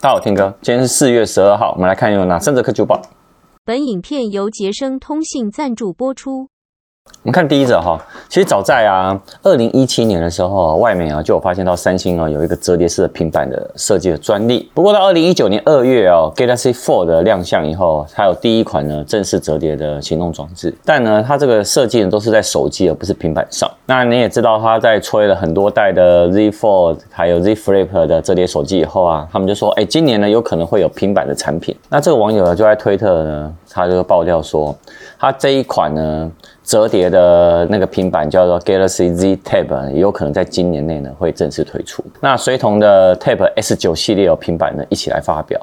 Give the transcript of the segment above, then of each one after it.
大家好，Tim 哥，今天是四月十二號，我們來看一下有哪三則科技午報。本影片由傑昇通信贊助播出。我們看第一者哈，其實早在啊，二零一七年的時候，外媒啊就有發現到三星啊，有一個摺疊式的平板的設計的專利。不過到二零一九年二月啊 Galaxy Fold 的亮相以後，它有第一款呢正式摺疊的行動裝置。但呢，它這個設計呢都是在手機而不是平板上。那你也知道，他在吹了很多代的 Z Fold 還有 Z Flip 的摺疊手機以後啊，他們就說，哎，今年呢有可能會有平板的產品。那這個網友呢就在推特呢，他就爆料說，他這一款呢。摺疊的那個平板叫做 Galaxy Z Tab，有可能在今年內呢會正式推出。那隨同的 Tab S9 系列的平板呢一起來發表。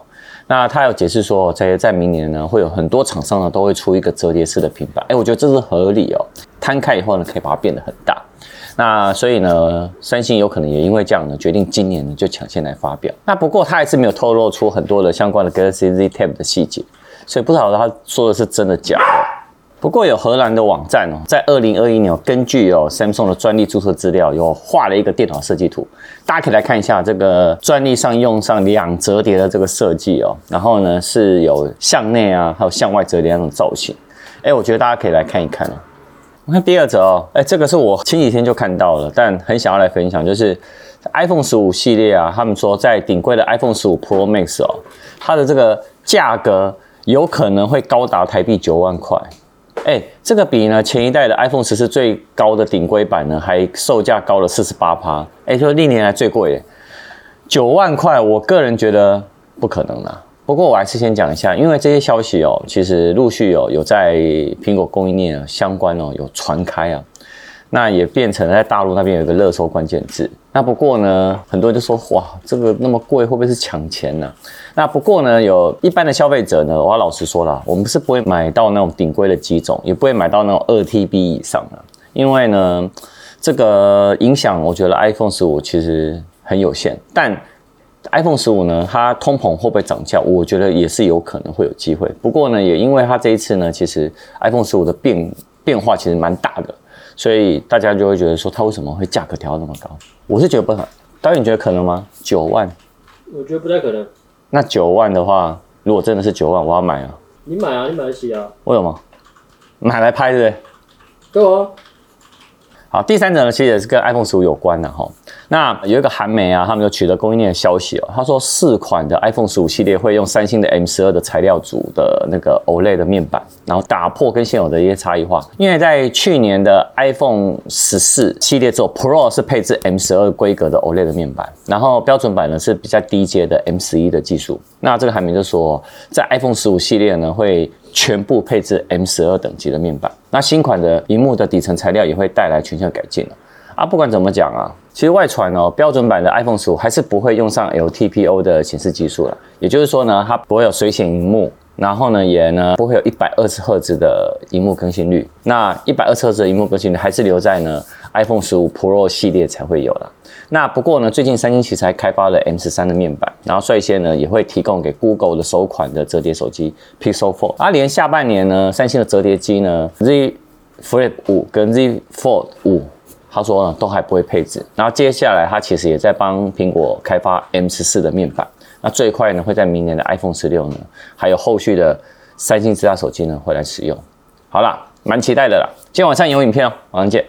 那他有解釋說，在在明年呢會有很多廠商呢都會出一個摺疊式的平板。哎，誒我覺得這是合理哦，攤開以後呢可以把它變得很大。那所以呢，三星有可能也因為這樣呢決定今年呢就搶先來發表。那不過他還是沒有透露出很多的相關的 Galaxy Z Tab 的細節，所以不知道他說的是真的假的。不過有荷蘭的網站哦，在二零二一年哦，根據哦 Samsung 的專利註冊資料，有畫了一個電腦設計圖，大家可以來看一下這個專利上用上兩折疊的這個設計哦，然後呢是有向內啊，還有向外折疊那種造型。哎，我覺得大家可以來看一看哦。我看第二則哦，哎，這個是我前幾天就看到了，但很想要來分享，就是 iPhone 十五系列啊，他們說在頂規的 iPhone 十五 Pro Max 哦，它的這個價格有可能會高達台幣九萬塊。哎、欸，這個比呢前一代的 iPhone 14最高的頂規版呢，還售價高了四十八趴，哎，說、欸、歷年來最貴的九萬塊，我個人覺得不可能啦。不過我還是先講一下，因為這些消息哦、喔，其實陸續有、喔、有在蘋果供應鏈相關哦、喔、有傳開啊。那也變成在大陸那邊有一個熱搜關鍵字。那不過呢，很多人就說哇，這個那麼貴，會不會是搶錢呢、啊？那不過呢，有一般的消費者呢，我要老實說了，我們是不會買到那種頂規的機種，也不會買到那種 2TB 以上的、啊。因為呢，這個影響我覺得 iPhone 十五其實很有限。但 iPhone 十五呢，它通膨會不會漲價，我覺得也是有可能會有機會。不過呢，也因為它這一次呢，其實 iPhone 十五的變變化其實蠻大的。所以大家就會覺得說，它為什麼會價格調那麼高？我是覺得不可能，導演，你覺得可能嗎？九萬？我覺得不太可能。那九萬的話，如果真的是九萬，我要買啊！你買啊！你買得起啊？為什麼？買來拍的，給我、啊。啊，第三者呢，其實也是跟 iPhone 十五有關的哈。那有一個韓媒啊，他們就取得供應鏈的消息哦。他說，四款的 iPhone 十五系列會用三星的 M 十二的材料組的那個 OLED 的面板，然後打破跟現有的一些差異化。因為在去年的 iPhone 十四系列做 Pro 是配置 M 十二規格的 OLED 的面板，然後標準版呢是比較低階的 M 十一的技術。那這個韓媒就說，在 iPhone 十五系列呢會。全部配置 M 十二等級的面板，那新款的熒幕的底層材料也會帶來全效改進啊，啊不管怎麼講啊，其實外傳哦，標準版的 iPhone 15還是不會用上 LTPO 的顯示技術了。也就是說呢，它不會有水顯熒幕然後呢，也呢不會有一百二十赫茲的熒幕更新率。那一百二十赫茲的熒幕更新率還是留在呢。iPhone 十五 Pro 系列才會有了。那不過呢，最近三星其實還開發了 M 十三的面板，然後率先呢也會提供給 Google 的首款的折疊手機 Pixel Fold。啊，連下半年呢，三星的折疊機呢 Z Flip 五跟 Z Fold 五，他說呢都還不會配置。然後接下來他其實也在幫蘋果開發 M 十四的面板。那最快呢會在明年的 iPhone 十六呢，還有後續的三星其他手機呢會來使用。好啦，蠻期待的啦。今天晚上有影片哦、喔，晚上見。